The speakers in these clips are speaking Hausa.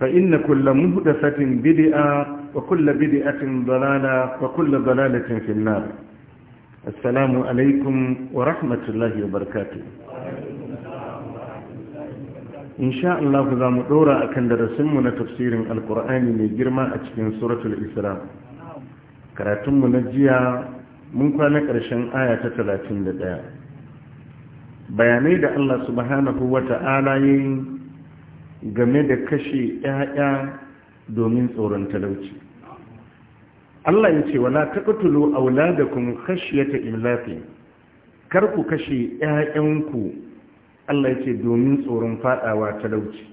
فإن كل مهدفة بدئة وكل بدئة ضلالة وكل ضلالة في النار السلام عليكم ورحمة الله وبركاته إن شاء الله ذا مدورة أكن درسمنا تفسير القرآن من جرمى أتكين سورة الإسراء كراتم منجيا من كان قرشن آية 31 bayanai da Allah subhanahu wa ta'ala yin game da kashe ‘ya'ya domin tsoron talauci Allah ya ce wala taqtulu auladakum khashyata imlaqi kar ku kashe ƴaƴanku, Allah ya ce domin tsoron fadawa talauci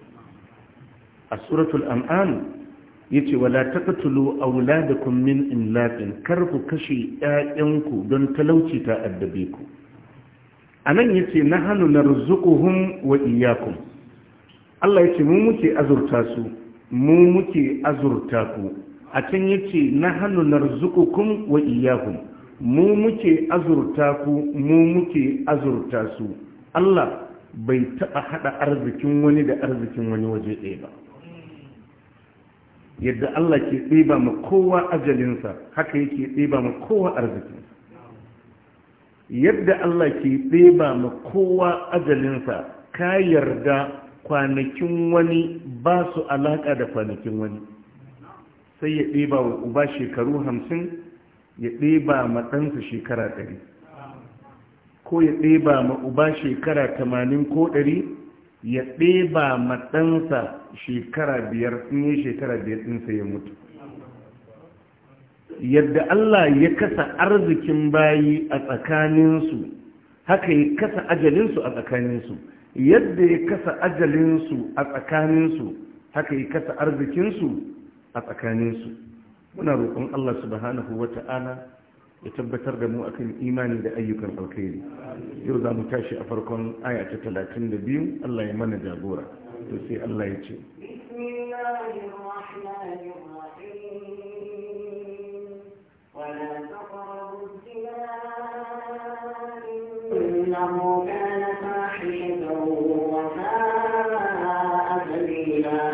a suratul an'am yace wala taqtulu auladakum min imlaqin kar ku kashe ƴaƴanku don talauci ta addabe ku anan yace nahnu narzuquhum wa iyyakum Allah ya ce mu muke azurta su mu muke azurta ku a can ya ce na hannu narzukukum wa iyakun, mu muke azurta ku mu muke azurta su Allah bai taɓa haɗa arzikin wani da arzikin wani waje ɗaya ba yadda Allah ke ɗiba ma kowa ajalinsa haka yake ɗiba ma kowa arzikinsa yadda Allah ke ɗiba ma kowa ajalinsa ka yarda kwanakin wani ba su alaƙa da kwanakin wani sai ya ɗiba wa uba shekaru hamsin ya ɗiba ma shekara ɗari ko ya ɗiba ma uba shekara tamanin ko ɗari ya ɗiba ma shekara biyar in yi shekara biyar ɗinsa ya mutu yadda Allah ya kasa arzikin bayi a tsakaninsu haka ya kasa ajalinsu a tsakaninsu yadda ya kasa ajalinsu a tsakaninsu haka ya kasa arzikinsu a tsakaninsu muna roƙon Allah subhanahu wa ta'ala ya tabbatar da mu akan imani da ayyukan alkhairi yau za mu tashi a farkon aya ta talatin da biyu Allah ya mana jagora to sai Allah ya ce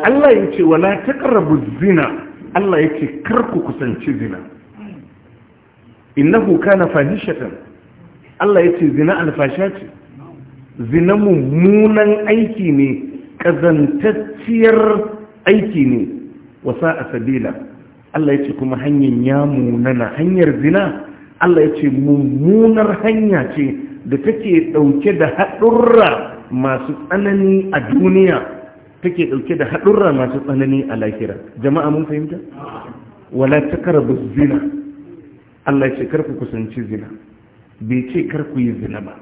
Allah ya ce wala taqrabu zina Allah ya ce kar ku kusanci zina innahu kana fahishatan Allah ya ce zina alfasha ce zina mummunan aiki ne kazantacciyar aiki ne wasa a sabila Allah ya ce kuma hanyar ya munana hanyar zina Allah ya ce mummunar hanya ce da take ɗauke da haɗurra masu tsanani a duniya take dauke da haɗura masu tsanani a lahira jama'a mun fahimta wala takarabu zina Allah ya ce karku kusanci zina bai ce karku yi zina ba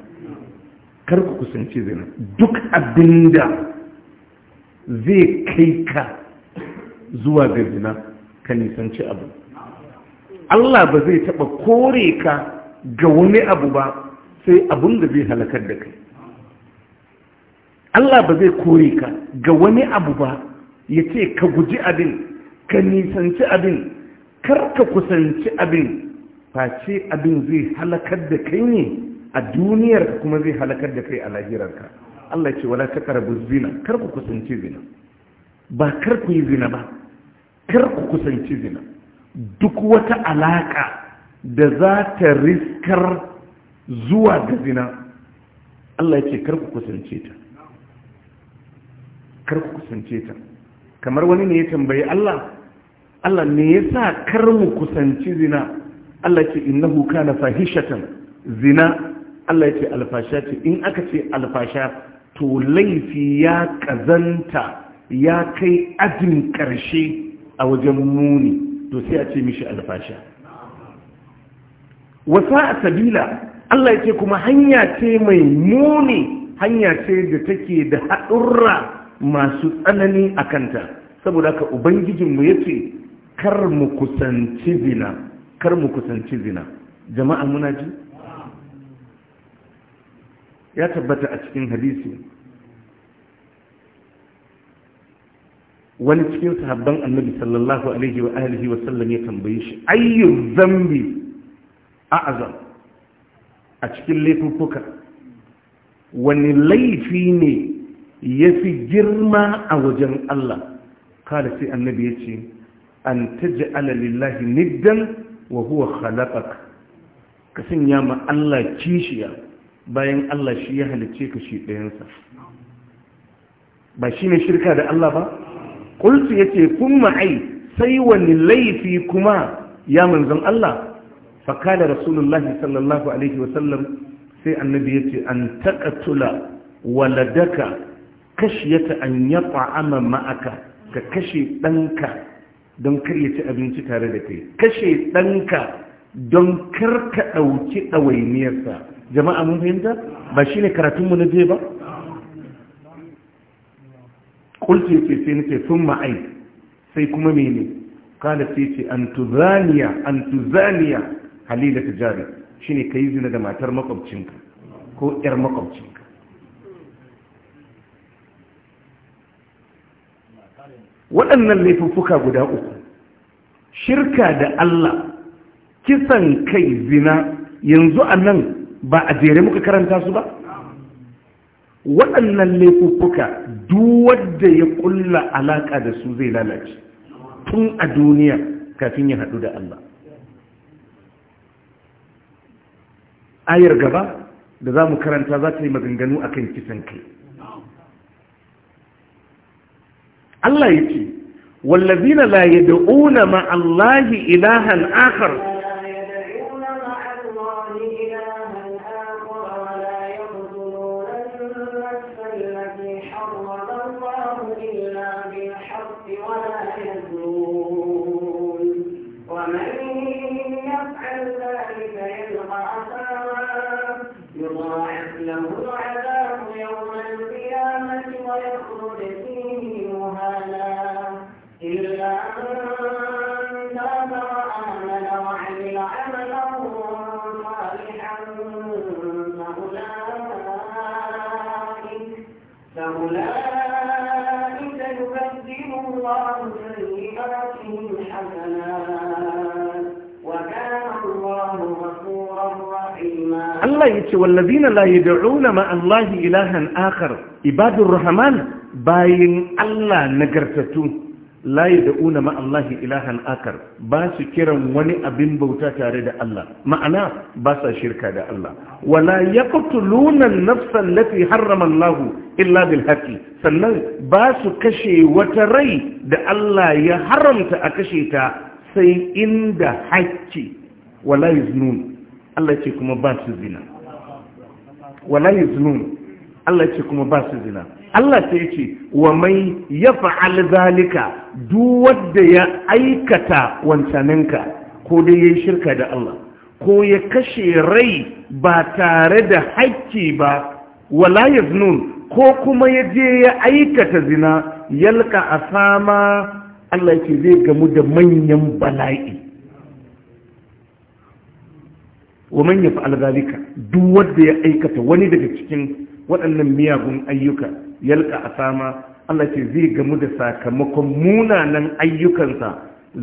karku kusanci zina duk abinda zai kai ka zuwa ga zina ka nisanci abu Allah ba zai taba kore ka ga wani abu ba sai abun da zai halakar da kai Allah ba zai kore ka ga wani abu ba ya ce ka guji abin ka nisanci abin kar ka kusanci abin face abin zai halakar da kai ne a duniyar kuma zai halakar da kai a lahirarka Allah ce wala ta zina kar ku kusanci zina ba kar ku yi zina ba kar ku kusanci zina duk wata alaka da za ta riskar zuwa ga zina Allah ya ce kar ku kusance ta kar ku kusance ta kamar wani ne ya tambayi Allah Allah ne sa kar mu kusanci zina Allah ce innahu kana fahishatan zina Allah ya ce alfasha ce in aka ce alfasha to laifi ya kazanta ya kai ajin karshe a wajen muni to sai a ce mishi alfasha wasa a sabila Allah ya ce kuma hanya ce mai muni hanya ce da take da haɗurra masu tsanani a kanta saboda ka ubangijinmu ya ce kar mu kusanci zina kar mu kusanci zina jama'a muna ji ya tabbata a cikin hadisi wani cikin sahabban annabi sallallahu alaihi wa alihi wa sallam ya tambaye shi ayyu zambi azam a cikin laifuffuka wani laifi ne ya fi girma a wajen Allah kada sai annabi ya ce an taji alalillahi niddan wa huwa khalaqak ka sanya ma Allah kishiya bayan Allah shi ya halice ka shi ɗayansa ba shi ne shirka da Allah ba kulsu ya ce kun ma'ai sai wani laifi kuma ya manzan Allah fakada rasulullahi sallallahu alaihi wasallam sai annabi ya ce an tula waladaka kashiyata an ya aman ma'aka ka kashe ɗanka don kar ci abinci tare da kai kashe ɗanka don kar ka ɗauki ɗawainiyarsa jama'a mun fahimta ba shi ne karatunmu na je ba ƙulce ce sai nace sun ma'ai sai kuma mene kala sai ce an tuzaniya an tuzaniya jari shi ne ka yi zina da matar makwabcinka ko 'yar makwabci waɗannan laifuffuka guda uku shirka da Allah kisan kai zina yanzu a nan ba a jere muka karanta su ba waɗannan laifuffuka wadda ya ƙulla alaƙa da su zai lalace tun a duniya kafin ya haɗu da Allah ayar gaba da za mu karanta za ta yi maganganu a kan kisan kai Allah ya ce wallazina la yad'una ma Allahi ilahan akhar Allah ya ce wallazina la yad'una Allah ilahan akhar ibadur rahman bayin Allah nagartatu la yad'una ma Allah ilahan akhar ba su kiran wani abin bauta tare da Allah ma'ana ba sa shirka da Allah wala yaqtuluna an-nafsa allati harrama Allah illa bil haqqi sannan ba su kashe wata rai da Allah ya haramta a kashe ta sai inda haƙƙi wala yuznun Allah ce kuma ba su zina wala yaznun Allah ce kuma ba su zina Allah sai ce wa mai ya fa'al zalika duk wanda ya aikata wancaninka ko dai yi shirka da Allah ko ya kashe rai ba tare da haƙƙi ba wala yaznun ko kuma ya je ya aikata zina yalka a sama? Allah ce zai gamu da manyan bala'i wa man yaf'al zalika duk wanda ya aikata wani daga cikin waɗannan miyagun ayyuka yalka asama Allah ce zai gamu da sakamakon munanan ayyukansa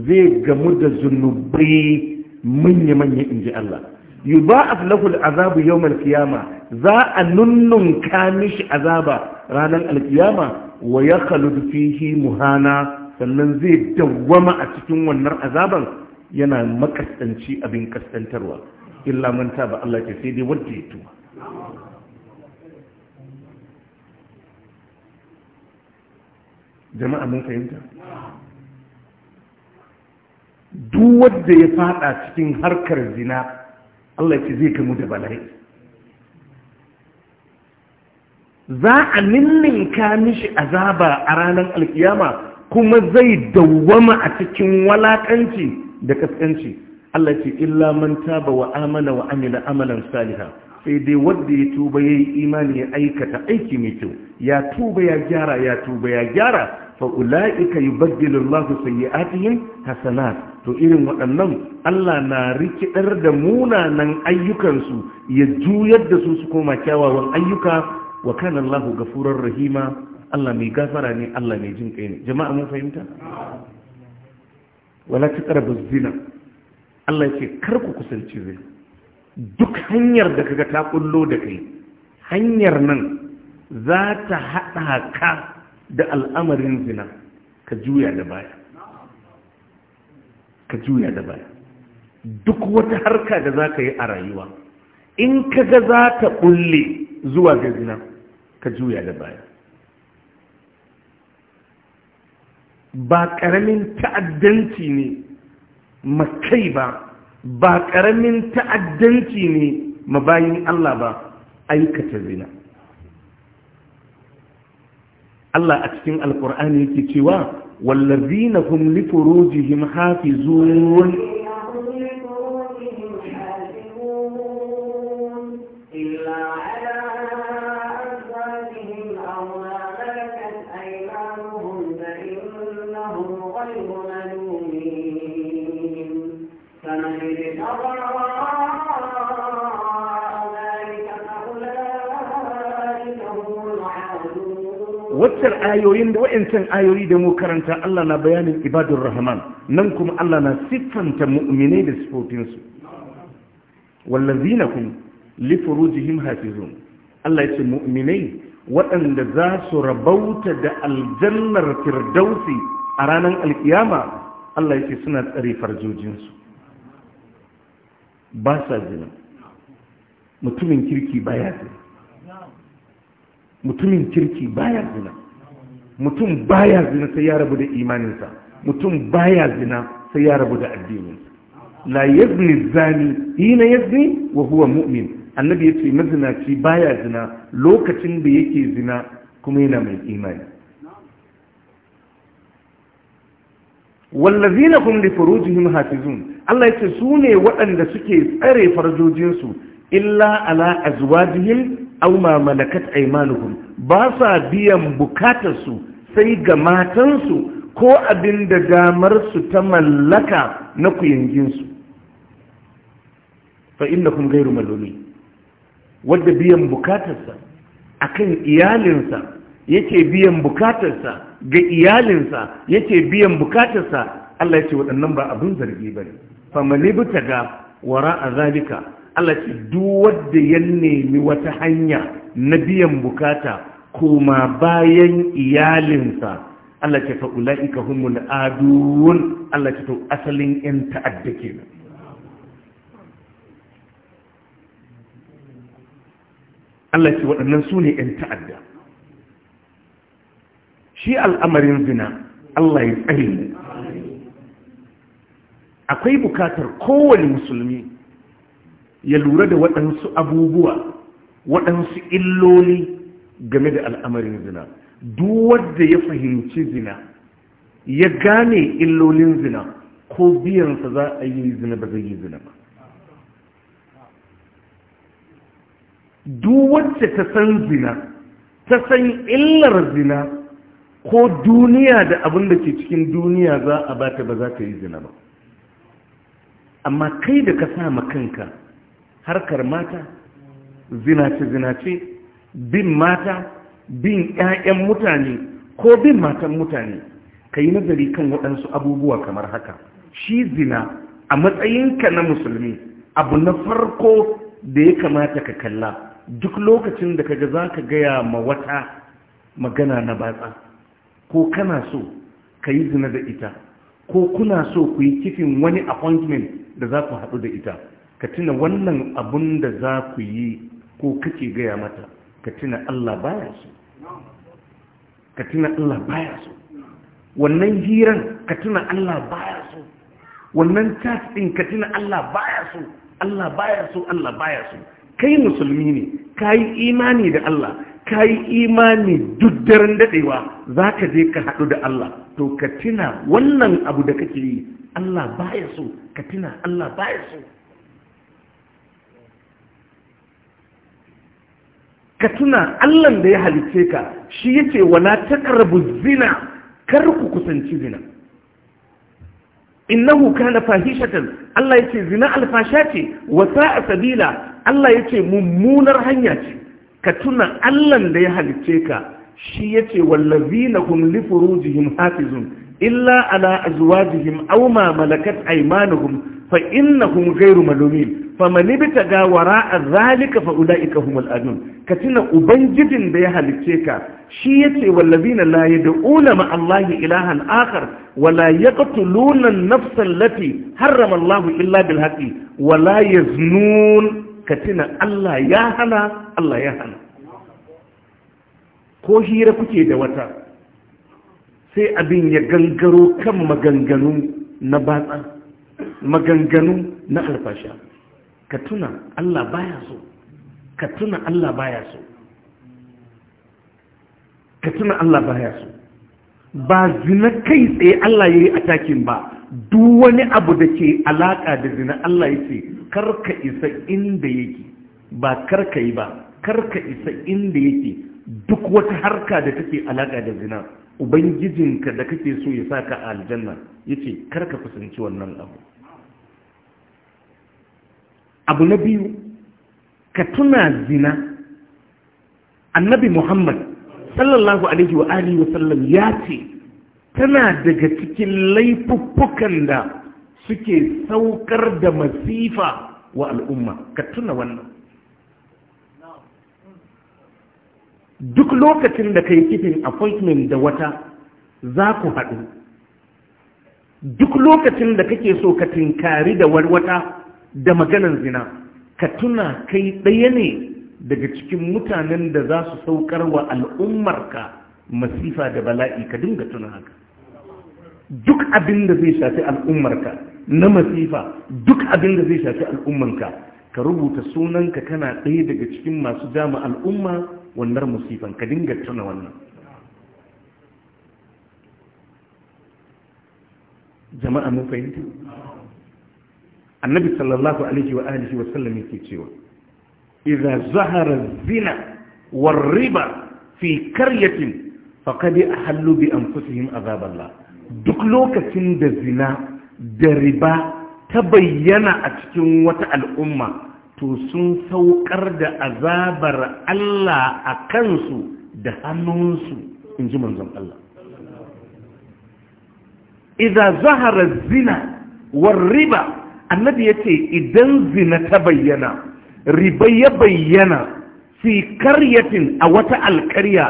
zai gamu da zunubai manya-manya in ji Allah yuba'af lahu a lahul azabu za a nunnun mishi azaba ranar alkiyama wa ya khaludu fihi muhana sannan zai dawwama a cikin wannan azaban yana makasanci abin kasantarwa. illa man taba Allah ke sai dai wanda ya tuba jama'a mun fahimta duk wanda ya fada cikin harkar zina Allah ce zai gamu da bala'i za a ninninka mishi azaba a ranar alkiyama kuma zai dawwama a cikin walakanci da kaskanci Allah ce illa man taba wa amana wa amila amalan saliha sai dai wanda ya tuba yayi imani ya aikata aiki mai kyau ya tuba ya gyara ya tuba ya gyara fa ulaika yubaddilu Allahu sayyi'atihim hasanat to irin waɗannan Allah na rikidar da munanan ayyukansu ya juyar da su su koma kyawawan ayyuka wa kana Allahu ghafurur rahima Allah mai gafara ne Allah mai jin kai ne jama'a mun fahimta wala taqrabu zina Allah ya ce kar ku kusanci zai duk hanyar da kaga ta kullo da kai hanyar nan za ta haɗa ka da al'amarin zina ka juya da baya ka juya da baya duk wata harka da za ka yi a rayuwa in ka ga za ta kulle zuwa ga zina ka juya da baya ba ƙaramin ta'addanci ne makai ba ba ƙaramin ta'addanci ne mabayin Allah ba aikata zina Allah a cikin alkur'ani yake cewa wallazina hum li furujihim hafizun waccan ayoyin da wa'ancan ayoyi da mu karanta Allah na bayanin ibadun rahman nan kuma Allah na siffanta mu'minai da sifofinsu wallazina kum li furujihim hafizun Allah ya ce mu'minai waɗanda za su rabauta da aljannar firdausi a ranar alkiyama Allah ya ce suna tsare farjojinsu ba sa zina mutumin kirki baya zina mutumin kirki baya zina mutum baya zina sai ya rabu da imaninsa mutum baya zina sai ya rabu da addininsa la yazni zani hina yazni wa huwa mu'min annabi yace mazinaci baya zina lokacin da yake zina kuma yana mai imani wallazina hum li furujihim hafizun Allah yace su ne waɗanda suke tsare farjojinsu illa ala azwajihim aw ma malakat aymanuhum ba sa biyan bukatarsu sai ga matansu ko abin da damarsu ta mallaka na kuyanginsu fa innakum ghayru malumin wanda biyan bukatarsa akan iyalinsa yake biyan bukatarsa ga iyalinsa yake biyan bukatarsa Allah ya ce waɗannan ba abin zargi bane fa manibuta ga wara a zalika Allah ce duk wadda ya nemi wata hanya na biyan bukata kuma bayan iyalinsa Allah ce fa'ula'ika humul aduwun Allah ce to asalin ‘yan ta'adda ke Allah ce waɗannan su ne ‘yan ta'adda. Shi al'amarin zina Allah ya tsari mu. Akwai bukatar kowane musulmi ya lura da waɗansu abubuwa waɗansu illoli game da al'amarin zina duk wanda ya fahimci zina ya gane illolin zina ko biyansa za a yi zina ba zai yi zina ba duk ta san zina ta san illar zina ko duniya da abin da ke cikin duniya za a bata ba za ta yi zina ba amma kai da ka sa ma kanka harkar mata zinace-zinace bin mata bin 'ya'yan mutane ko bin matan mutane ka yi nazari kan waɗansu abubuwa kamar haka shi zina a matsayinka na musulmi abu na farko da ya kamata ka kalla duk lokacin da kaga za ka gaya ma wata magana na batsa ko kana so ka yi zina da ita ko kuna so ku yi kifin wani appointment da za ku haɗu da ita ka tuna wannan abun da za ku yi ko kake gaya mata ka tuna Allah baya so ka tuna Allah baya so wannan hiran ka tuna Allah baya so wannan chat din ka tuna Allah baya so Allah baya so Allah baya so kai musulmi ne kai imani da Allah kai imani duk daren dadewa zaka je ka hadu da Allah to ka tuna wannan abu da kake yi Allah baya so ka tuna Allah baya so ka tuna allan da ya halice ka shi ya ce wala takrabu zina kar ku kusanci zina innahu kana fahishatan Allah yace zina alfasha ce wa sa'a sabila Allah yace mummunar hanya ce ka tuna Allah da ya halicce ka shi yace wallazina hum li furujihim hafizun illa ala azwajihim aw ma malakat aymanuhum fa innahum ghayru malumin famani bi ta ga wara zalika fa ulaika humul adun ka tuna ubangijin da ya halicce ka shi yace wallazina la yad'una ma allahi ilahan akhar wala yaqtuluna an-nafsa allati harrama allah illa bil haqqi wala yaznun ka tuna allah ya hana allah ya hana ko hira kuke da wata sai abin ya gangaro kan maganganu na batsa maganganu na alfasha ka tuna Allah baya so ka tuna Allah baya so ka tuna Allah baya so ba zina kai tsaye Allah ya yi atakin ba duk wani abu da ke alaƙa da zina Allah ya ce ka isa inda yake ba karka yi ba ka isa inda yake duk wata harka da take alaƙa da zina ubangijinka da kake so ya saka a aljanna yace ce karka kusanci wannan abu abu na biyu ka tuna zina annabi muhammad sallallahu alaihi wa alihi wa sallam ya ce tana daga cikin laifuffukan da suke saukar da masifa wa al'umma ka tuna wannan duk lokacin da kai kifin appointment da wata za ku haɗu duk lokacin da kake so ka tinkari da wata. da maganan zina ka tuna kai ɗaya ne daga cikin mutanen da za su saukar wa al'ummarka masifa da bala'i ka dinga tuna haka duk abin da zai shafi al'ummarka na masifa duk abin da zai shafi al'ummanka ka rubuta sunanka kana ɗaya daga cikin masu jama al'umma wannan masifan ka dinga tuna wannan jama'a mun fahimta annabi sallallahu alaihi wa alihi wa sallam yake cewa idza zahara zina war riba fi qaryatin faqad ahallu bi anfusihim azab Allah duk lokacin da zina da riba ta bayyana a cikin wata al'umma to sun saukar da azabar Allah a kansu da hannunsu in ji manzon Allah Iza zahara zina war riba annabi ya ce idan zina ta bayyana riba ya bayyana fi karyatin a wata alkarya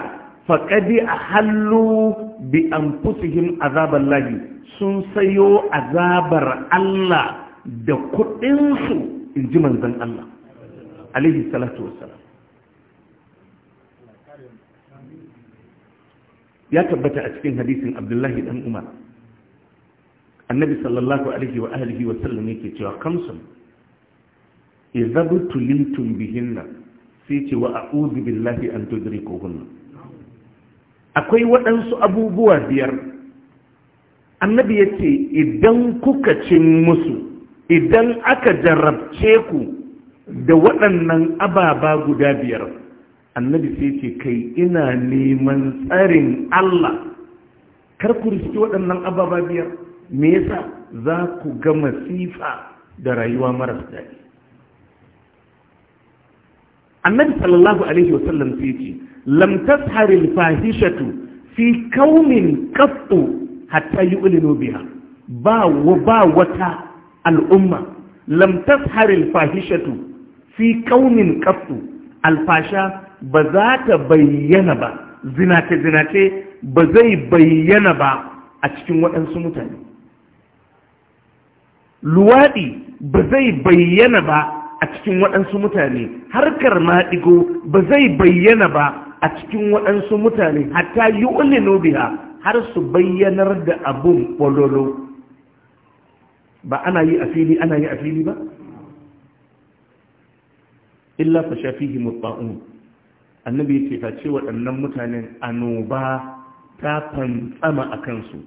faƙadi a hallu bi an fusihim azabar lahi sun sayo azabar Allah da kuɗinsu in ji manzan Allah alaihi salatu wassalam ya tabbata a cikin hadisin abdullahi dan umar annabi sallallahu alaihi wa alihi wa sallam yake cewa kamsun idza butulitum bihinna sai ce wa a'udhu billahi an tudrikuhunna akwai waɗansu abubuwa biyar annabi ya ce idan kuka cin musu idan aka jarrabce ku da waɗannan ababa guda biyar annabi sai ce kai ina neman tsarin Allah kar ku riski waɗannan ababa biyar me yasa za ku ga masifa da rayuwa maras daɗi annabi sallallahu alaihi wasallam sai ce lam tashar fahishatu fi kaumin qattu hatta yu'linu biha ba wa ba wata al'umma lam tashar fahishatu fi kaumin qattu alfasha ba za ta bayyana ba zinace zinace ba zai bayyana ba a cikin waɗansu mutane luwaɗi ba zai bayyana ba a cikin waɗansu mutane harkar maɗigo ba zai bayyana ba a cikin waɗansu mutane hatta yi ulino biya har su bayyanar da abun ƙwalolo ba ana yi a fili ana yi a fili ba illa fa shafihi mutba'un annabi ya ce ta ce waɗannan mutanen annoba ta fantsama a kansu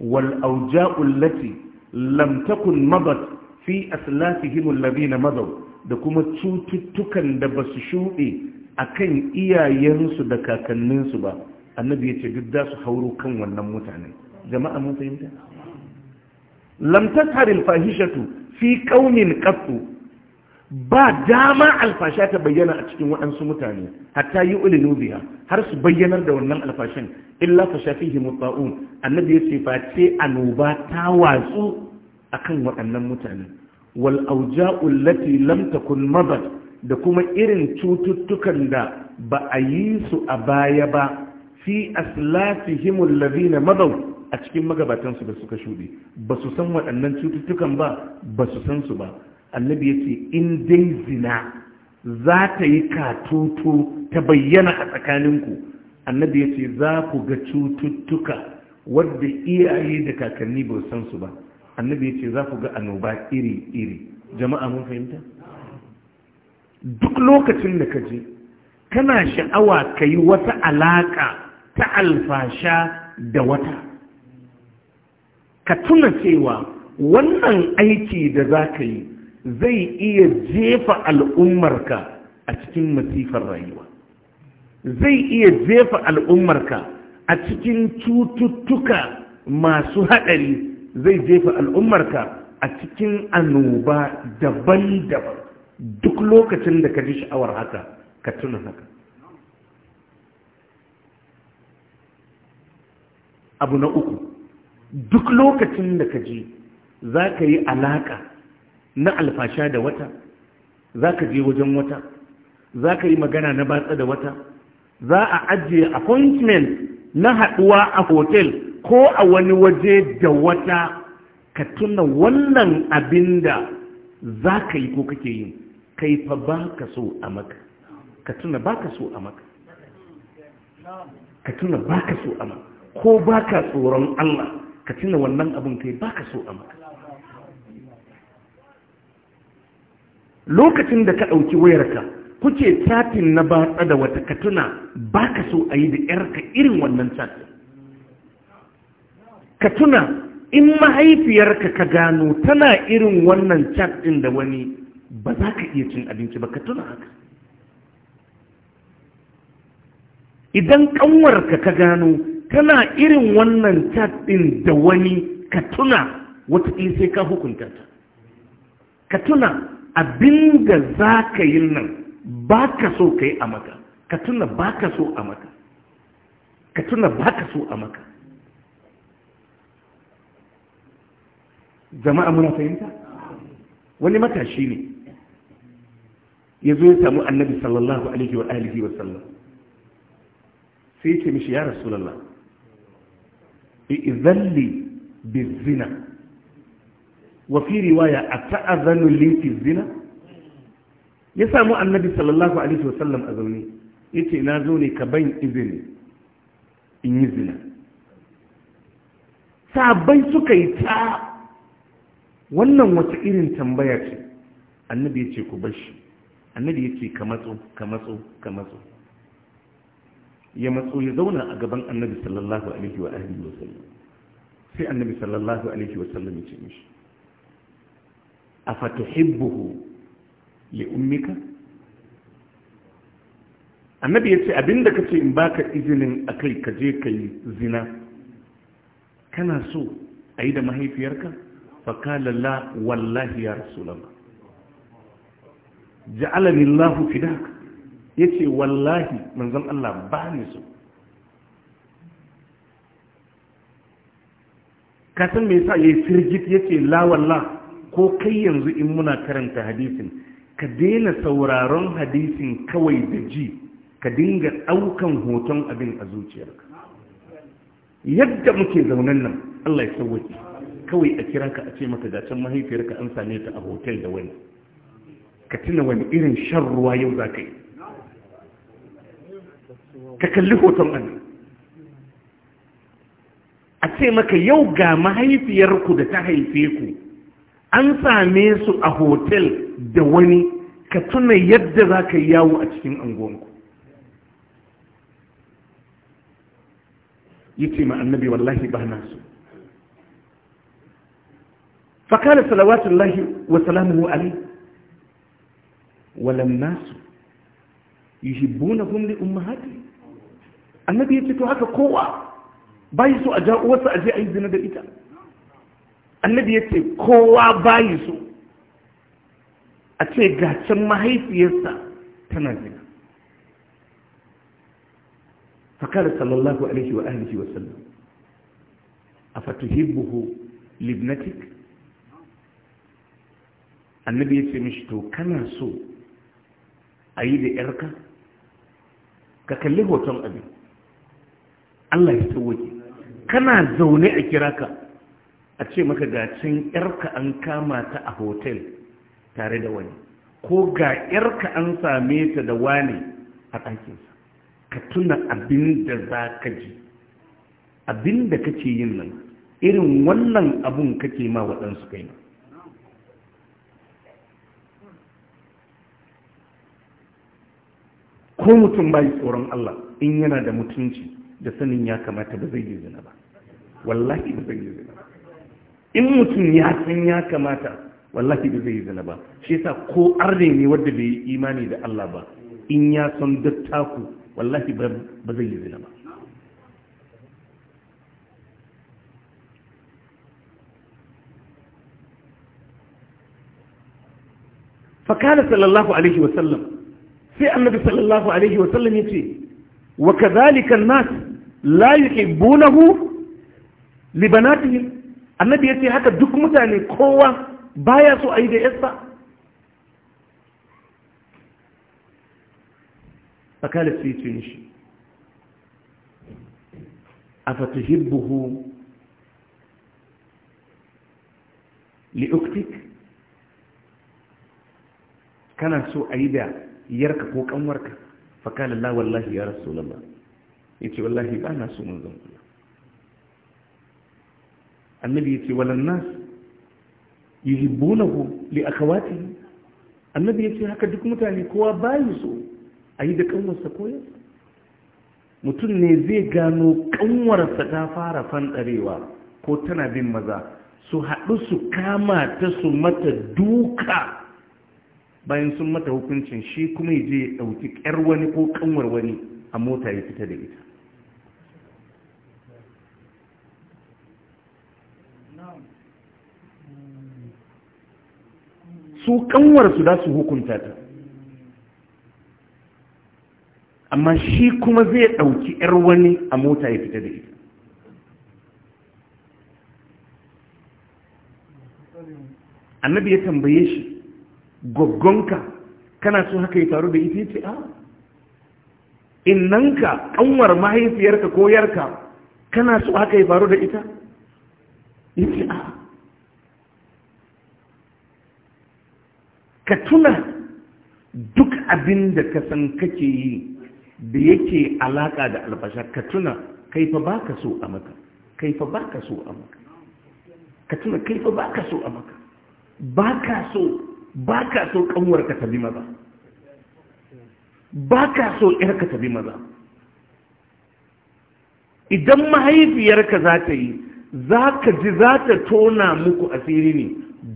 wal auja'ul lati lam takun mabat fi aslafihim na madaw da kuma cututtukan da basu shuɗe akan iyayensu da kakanninsu ba annabi yace duk da su hauro kan wannan mutanen jama'a mun fahimta lam tashhar alfahishatu fi qaumin qattu ba dama alfasha ta bayyana a cikin waɗansu mutane hatta yi ulinu har su bayyanar da wannan alfashin illa fa shafihi mutta'un annabi ya ce face annoba ta watsu akan waɗannan mutane wal auja'u allati lam takun mabat da kuma irin cututtukan da ba a yi su a baya ba fi aslafihim allazina mabaw a cikin magabatan su da suka shuɗe ba su san waɗannan cututtukan ba ba su san su ba annabi ya ce in dai zina za ta yi katutu ta bayyana a tsakaninku annabi ya ce za ku ga cututtuka wadda iyaye da kakanni ba san su ba annabi ya ce za ku ga annoba iri-iri jama'a mun fahimta duk lokacin da ka je kana sha'awa ka yi wata alaƙa ta alfasha da wata ka tuna cewa wannan aiki da za ka yi zai iya jefa al'ummarka a cikin masifar rayuwa zai iya jefa al'ummarka a cikin cututtuka masu haɗari zai jefa al'ummarka a cikin annoba daban-daban duk lokacin da ka ji sha'awar haka ka tuna haka abu na uku duk lokacin da ka ji za ka yi alaƙa na alfasha da wata za ka je wajen wata za ka yi magana na batsa da wata za a ajiye appointment na haɗuwa a hotel ko a wani waje da wata ka tuna wannan abin da za ka yi ko kake yi kai fa ba ka so a maka ka tuna ba ka so a maka ka tuna ba ka so a maka ko ba ka tsoron Allah ka tuna wannan abin kai ba ka so a maka lokacin da ka ɗauki wayarka kuke satin na batsa da wata katuna ba ka so a yi da yarka irin wannan chatin katuna in mahaifiyarka ka gano tana irin wannan chat da wani ba za ka iya cin abinci ba katuna haka idan kanwarka ka gano tana irin wannan chat da wani katuna, wata sai ka hukunta ta katuna abinda za ka yi nan ba ka so ka yi a maka ka tuna ba ka so a maka ka tuna ba ka so a maka jama'a muna fahimta wani matashi ne ya zo ya samu annabi sallallahu alaihi wa alihi wa sallam sai ya ce mishi ya rasulallah izalli bizina wa fi riwaya a ta'azanu li fi zina ya samu annabi sallallahu alaihi wasallam a zaune ya ce na zo ne ka ban izini in yi zina sabai suka yi ta wannan wata irin tambaya ce annabi ya ce ku bar shi annabi ya ce ka matso ka matso ka matso ya matso ya zauna a gaban annabi sallallahu alaihi wa alihi wa sallam sai annabi sallallahu alaihi wa sallam ya ce mishi afatuhibbuhu li'ummika annabi ya ce abinda ka ce in baka izinin a kai ka je ka yi zina kana so a yi da mahaifiyarka fakala wallahi ya rasulallah ja'alani allahu fidaka ya ce wallahi manzon allah ba ni so kasan me yasa ya yi firgit ya ce la wallah ko kai yanzu in muna karanta hadisin ka daina sauraron hadisin kawai da ji ka dinga ɗaukan hoton abin a zuciyarka yadda muke zaunan nan Allah ya sauwaki kawai a kira ka a ce maka can mahaifiyarka an same ta a hotel da wani ka tuna wani irin shan ruwa yau za ka yi ka kalli hoton annabi a ce maka yau ga mahaifiyarku da ta haife ku an same su a hotel da wani ka tuna yadda za ka yawo a cikin anguwanku ya ce annabi wallahi ba na su fakala salawatun lahi wa salamun alai walam nasu yi shibbu na kumli umarhati annabi ya ce to haka kowa bayi so a ja'uwarsa a je a yi zina da ita annabi ya ce kowa bayi so a ce gacin mahaifiyarsa tana zina fakar sallallahu alaihi wa alihi wa sallam a fatuhibuhu libnatik annabi ya ce mishi to kana so a yi da yarka ka kalli hoton abin Allah ya sauwake kana zaune a kiraka ka a ce maka ga yar yarka an kama ta a hotel tare da wani ko ga yarka an same ta da wani a ɗakinsa ka tuna abin da za ka ji abin da kake yin nan irin wannan abun kake ma waɗansu kai ko mutum bai tsoron Allah in yana da mutunci da sanin ya kamata ba zai yi zina ba wallahi ba zai yi zina in mutum ya san ya kamata wallahi ba zai yi zina ba shi yasa ko arne ne wanda bai yi imani da Allah ba in ya san dattaku wallahi ba zai yi zina ba fakana sallallahu alaihi wasallam sai annabi sallallahu alaihi wasallam ya ce wa kazalika nas la yuhibbunahu annabi ya ce haka duk mutane kowa baya so a yi da yasa fakala sai ce mishi a fatahibbuhu li'uktik kana so a yi da yarka ko kanwarka fakala la wallahi ya rasu lalla ya ce wallahi ba na so mun zama annabi yace walan nas yuhibbunahu li akhawatihi annabi yace haka duk mutane kowa bayu so ayi da kanwarsa koyar mutum ne zai gano kanwarsa ta fara fandarewa ko tana bin maza su haɗu su kama ta su mata duka bayan sun mata hukuncin shi kuma ya je ya ɗauki ƙyar wani ko ƙanwar wani a mota ya fita da ita su kanwarsu za su hukunta ta amma shi kuma zai ɗauki 'yar wani a mota ya fita da ita annabi ya tambaye shi gwaggonka kana so haka ya faru da ita ce a ah, innanka kanwar mahaifiyarka ko yarka kana so haka ya faru da ita ya a ah, ka tuna duk abin da ka san kake yi da yake alaka da albasha ka tuna kaifa ba ka so a maka kaifa ba ka so a maka ka tuna kaifa ba ka so a maka ba ka so ba ka so kanwar ka tabi maza ba ka so yar ka tabi maza idan mahaifiyarka za ta yi za ka ji za ta tona muku asiri ne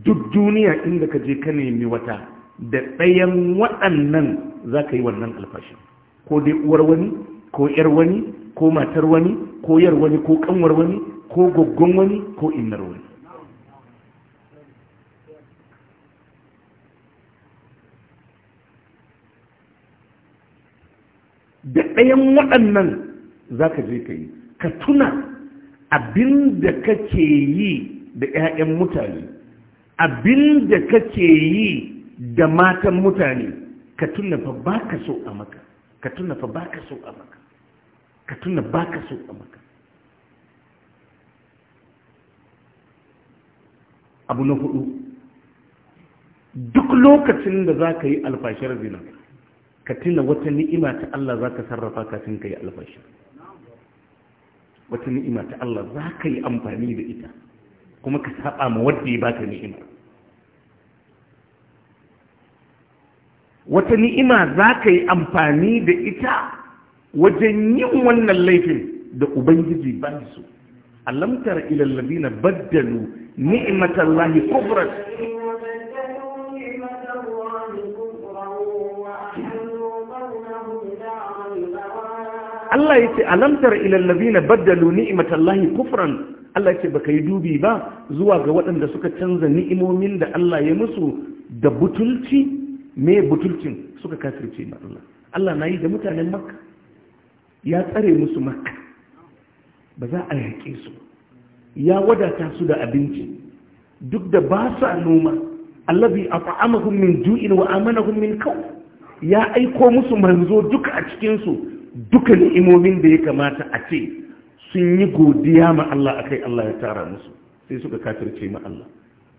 duk duniya inda ka je ka nemi wata da ɗayan waɗannan za ka yi wannan alfashin ko dai uwar wani ko ‘yar wani ko matar wani ko yar wani ko kanwar wani ko goggon wani ko innar wani da ɗayan waɗannan za ka je ka yi ka tuna abin da kake yi da 'ya'yan mutane abin da kake yi da matan mutane ka tuna fa ba ka so a maka ka tuna fa ba ka so a maka ka tuna ba ka so a maka abu na hudu duk lokacin da za ka yi alfashar zina ka tuna wata ni'ima ta Allah za ka sarrafa kafin ka yi alfashar wata ni'ima ta Allah za ka yi amfani da ita kuma ka saba ma wadda ya baka ni'imar wata ni'ima za ka yi amfani da ita wajen yin wannan laifin da ubangiji ba su alamtar ilallabi na baddalu ni'imatallahi kubrat Allah ya ce alamtar ilallabi na baddalu ni'imatallahi kufran Allah ce baka yi dubi ba zuwa ga waɗanda suka canza ni'imomin da Allah ya musu da butulci me butulcin suka kafirce ma Allah Allah na yi da mutanen makka ya tsare musu makka ba za a yaƙe su ya wadata su da abinci duk da ba su noma allabi at'amahum min ju'in wa amanahum min kaw? ya aiko musu manzo duka a cikin su duka ni'imomin da ya kamata a ce sun yi godiya ma Allah akai Allah ya tara musu sai suka kafirce ma Allah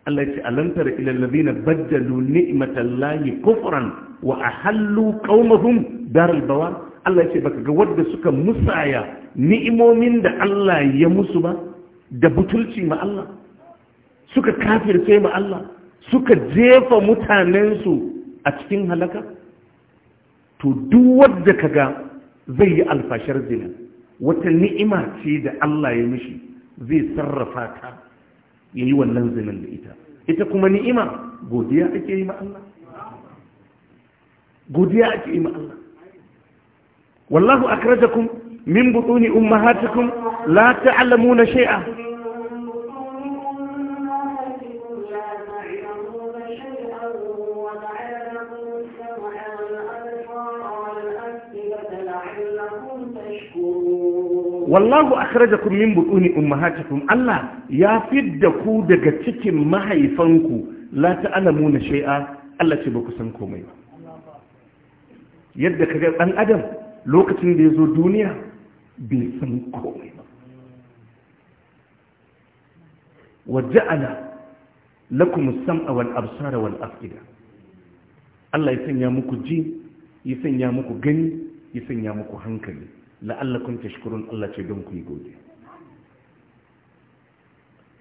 Allah ce alamtar ilal ladina baddalu ni'matallahi kufran wa ahallu qaumahum darar bawar Allah ce baka ga wadda suka musaya ni'imomin da Allah ya musu ba da butulci ma Allah suka sai ma Allah suka jefa mutanensu a cikin halaka to duk wadda ka ga zai yi alfashar zina wata ni'ima ce da Allah ya mishi zai sarrafa ta yayi wannan zinan da ita ita kuma ni'ima godiya ake yi ma Allah godiya ake yi ma Allah wallahu akrajakum min butuni ummahatikum la ta'lamuna shay'a wallahu akhrajakum min buɗuni ummahatikum Allah ya fidda ku daga cikin mahaifanku la ta'lamuna shay'a Allah ce baku san komai ba yadda kaga dan adam lokacin da yazo duniya bai san komai ba waja'ala lakum as-sam'a wal absara wal afida Allah ya sanya muku ji ya sanya muku gani ya sanya muku hankali la'allakum tashkurun Allah ce don ku yi godiya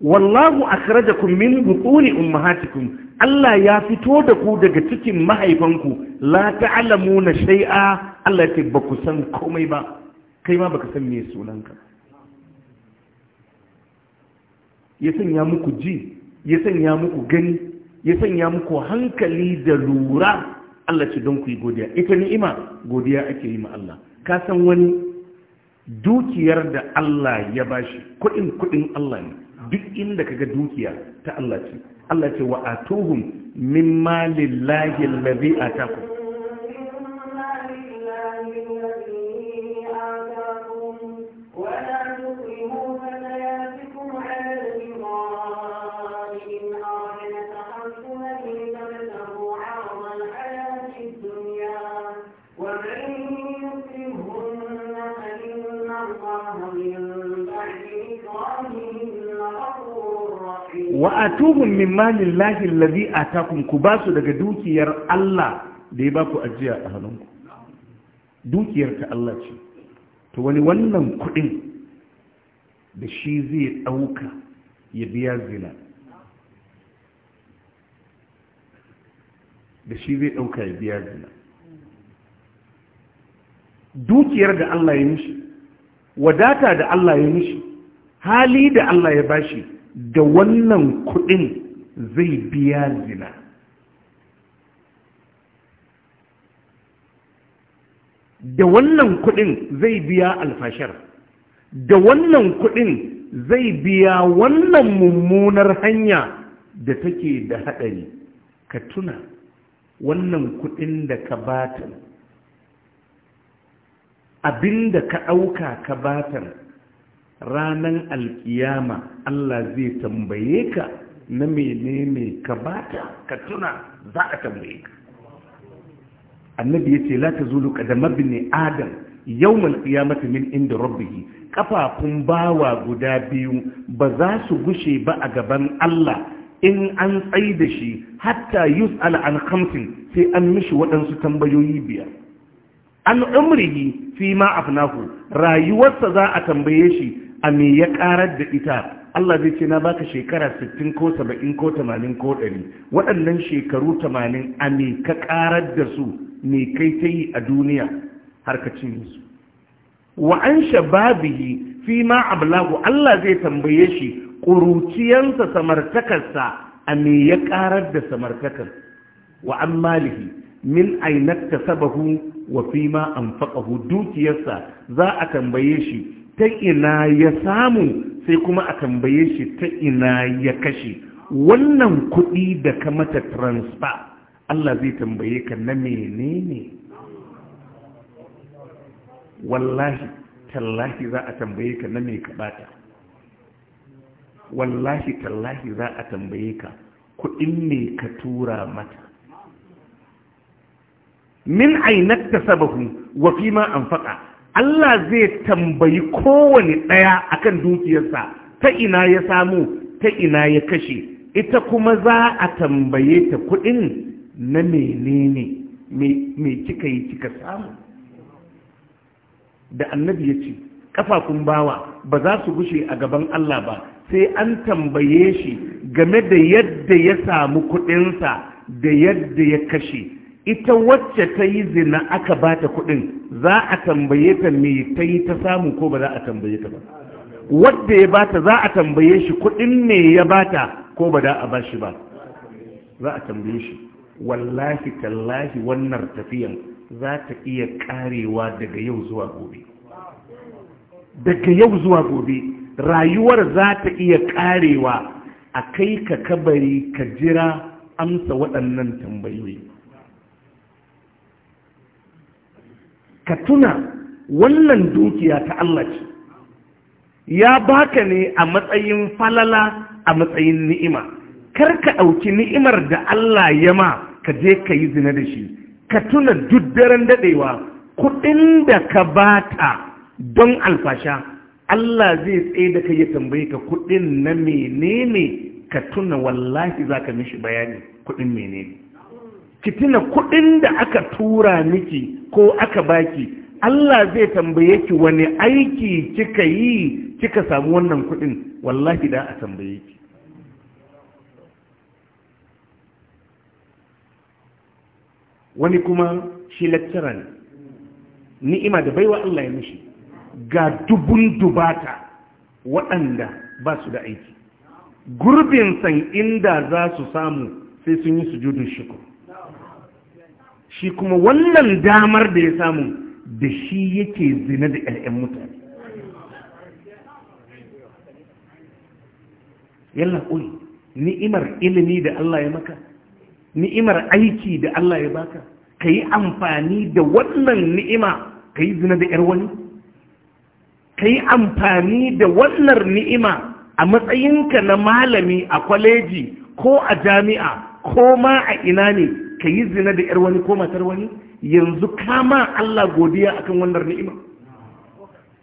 wallahu akhrajakum min butuni ummahatikum Allah ya fito da ku daga cikin mahaifanku la ta'lamuna shay'a Allah ya ce ba ku san komai ba kai ma baka san me sunanka ya sanya muku ji ya sanya muku gani ya sanya muku hankali da lura Allah ce don ku yi godiya ita ni'ima godiya ake yi ma Allah ka san wani dukiyar da Allah ya bashi kuɗin kuɗin Allah ne duk inda kaga dukiya ta Allah ce Allah ce wa atuhum min lillahi alladhi ataakum wa mimanin min malillahi allazi atakum ku ba su daga dukiyar Allah da ya ba ku ajiya a hannunku dukiyar ta Allah ce to wani wannan kudin da shi zai dauka ya biya zina da shi zai dauka ya biya zina dukiyar da Allah ya mishi wadata da Allah ya mishi hali da Allah ya bashi da wannan kuɗin zai biya zina da wannan kuɗin zai biya alfashar da wannan kuɗin zai biya wannan mummunar hanya da take da haɗari ka tuna wannan kuɗin da ka batan da ka ɗauka ka batan ranan alkiyama Allah zai tambaye ka na menene ka bata ka tuna za a tambaye ka annabi yace la zulu, qadama ibn adam yawm alqiyamati min inda rabbih kafafun bawa guda biyu ba za su gushe ba a gaban Allah in an tsai da shi hatta yus an khamsin sai an mishi waɗansu tambayoyi biyar an umrihi fi ma afnahu rayuwarsa za a tambaye shi a me ya karar da ita Allah zai ce na baka shekara 60 ko 70 ko 80 ko 100 waɗannan shekaru 80 a me ka karar da su me kai ta yi a duniya har ka cinye su wa an shababihi fi ma Allah zai tambaye shi ƙuruciyansa samartakarsa a me ya karar da samartakar wa an malihi min ainat sabahu, wa fi ma anfaqahu dukiyarsa za a tambaye shi ta ina ya samu sai kuma a tambaye shi ta ina ya kashe wannan kuɗi da ka mata transfer Allah zai tambaye ka na menene wallahi tallahi za a tambaye ka na me ka bata wallahi tallahi za a tambaye ka kuɗin me ka tura mata min ainat tasabahu wa fima anfaqa Allah zai tambayi kowane ɗaya a kan dukiyarsa ta ina ya samu ta ina ya kashe ita kuma za a tambaye ta kuɗin na menene me kika yi kika samu da annabi ya ce kafafun bawa ba za su gushe a gaban Allah ba sai an tambaye shi game da yadda ya samu kuɗinsa da yadda ya kashe ita wacce ta yi zina aka ba ta kuɗin za a tambaye ta me ta yi ta samu ko ba za a tambaye ta ba wadda ya ba ta za a tambaye shi kuɗin ne ya ba ta ko ba za a ba shi ba za a tambaye shi wallahi tallahi wannan tafiyan za ta iya karewa daga yau zuwa gobe daga yau zuwa gobe rayuwar za ta iya karewa a kai ka kabari ka jira amsa waɗannan tambayoyi ka tuna wannan dukiya ta Allah ce ya baka ne a matsayin falala a matsayin ni'ima kar ka ɗauki ni'imar da Allah ya ma ka je ka yi zina da shi ka tuna duk daren daɗewa kuɗin da ka bata don alfasha Allah zai tsaye da kai ya tambaye ka kuɗin na menene ka tuna wallahi za ka mishi bayani kuɗin menene ki tuna kuɗin da aka tura miki ko aka baki Allah zai tambaye ki wani aiki kika yi kika samu wannan kuɗin wallahi da a tambaye ki wani kuma shi lecturer ne ni'ima da baiwa Allah ya mishi ga dubun dubata waɗanda ba su da aiki gurbin san inda za su samu sai sun yi sujudun shukur shi kuma wannan damar da ya samu da shi yake zina da 'ya'yan mutane yalla ƙuri ni'imar ilimi da Allah ya maka ni'imar aiki da Allah ya baka ka yi amfani da wannan ni'ima ka yi zina da 'yar wani ka yi amfani da wannan ni'ima a matsayinka na malami a kwaleji ko a jami'a ko ma a ina ne ka yi zina da 'yar wani ko matar wani yanzu kama Allah godiya akan wannan ni'ima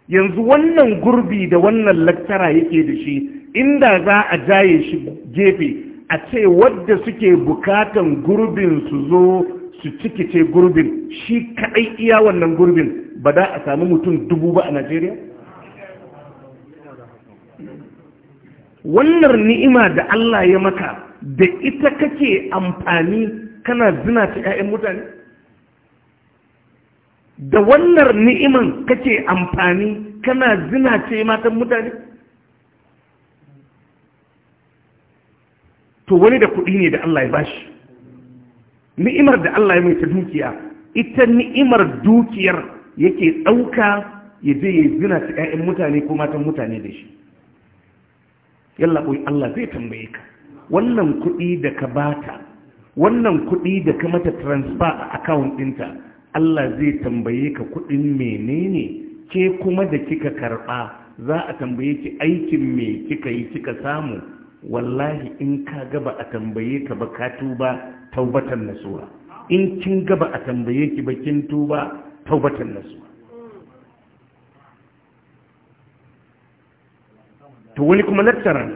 yanzu wannan gurbi da wannan laktara yake da shi inda za a jaye shi gefe a ce wadda suke bukatan gurbin su zo su cikice gurbin shi kadai iya wannan gurbin ba da a sami mutum dubu ba a Najeriya? wannan ni'ima da Allah ya maka da ita kake amfani kana zina ta 'ya'yan mutane da wannan ni'iman kake amfani kana zina ce matan mutane to wani da kuɗi ne da Allah ya bashi ni'imar da Allah ya mai ta dukiya ita ni'imar dukiyar yake ɗauka ya je ya zina ta 'ya'yan mutane ko matan mutane da shi yalla Allah zai tambaye ka wannan kuɗi da ka bata wannan kuɗi da ka mata transfer a account ɗinta Allah zai tambaye ka kuɗin menene ke kuma da kika karɓa za a tambaye ki aikin me kika yi kika samu wallahi in ka gaba a tambaye ka ba ka tuba taubatan nasura in kin gaba a tambaye ki ba kin tuba taubatan nasura to wani kuma lattara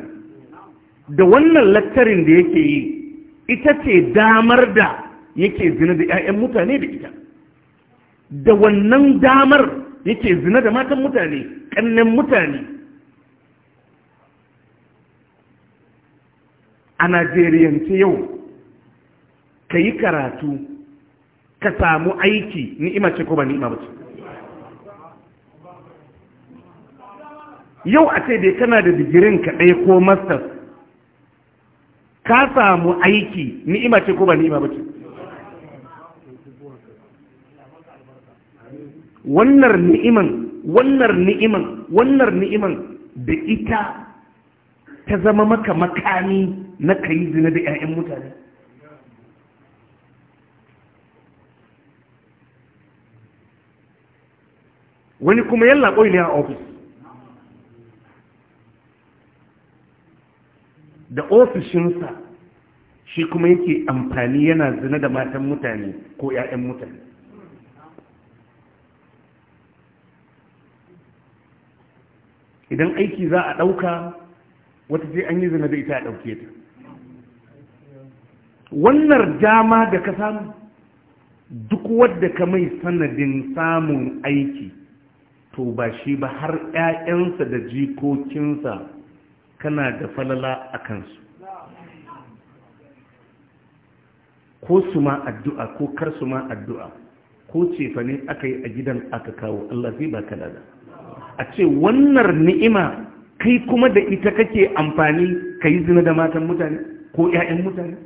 da wannan lattarin da yake yi ita ce damar da yake zina da 'ya'yan mutane da ita da wannan damar yake zina da matan mutane ƙannen mutane a najeriyance yau ka yi karatu ka samu aiki ni'ima ce ko ba ni'ima ba ce yau a ce dai kana da digirin ka ɗaya ko masters ka samu aiki ni'ima ce ko ba ni'ima ba ce wannan ni'iman wannan ni'iman wannan ni'iman da ita ta zama maka makami na kayi zina da 'ya'yan mutane wani kuma yalla ne a ofis da ofishinsa shi kuma yake amfani yana zina da matan mutane ko 'ya'yan mutane idan aiki za a ɗauka wata sai an yi zina da ita a ɗauke ta wannan dama da ka samu duk wadda ka mai sanadin samun aiki to ba shi ba har 'ya'yansa da jikokinsa kana da falala a kansu ko su ma addu'a ko kar su ma addu'a ko cefa aka yi a gidan aka kawo Allah zai baka da a ce wannan ni'ima kai kuma da ita kake amfani ka yi zina da matan mutane ko 'ya'yan mutane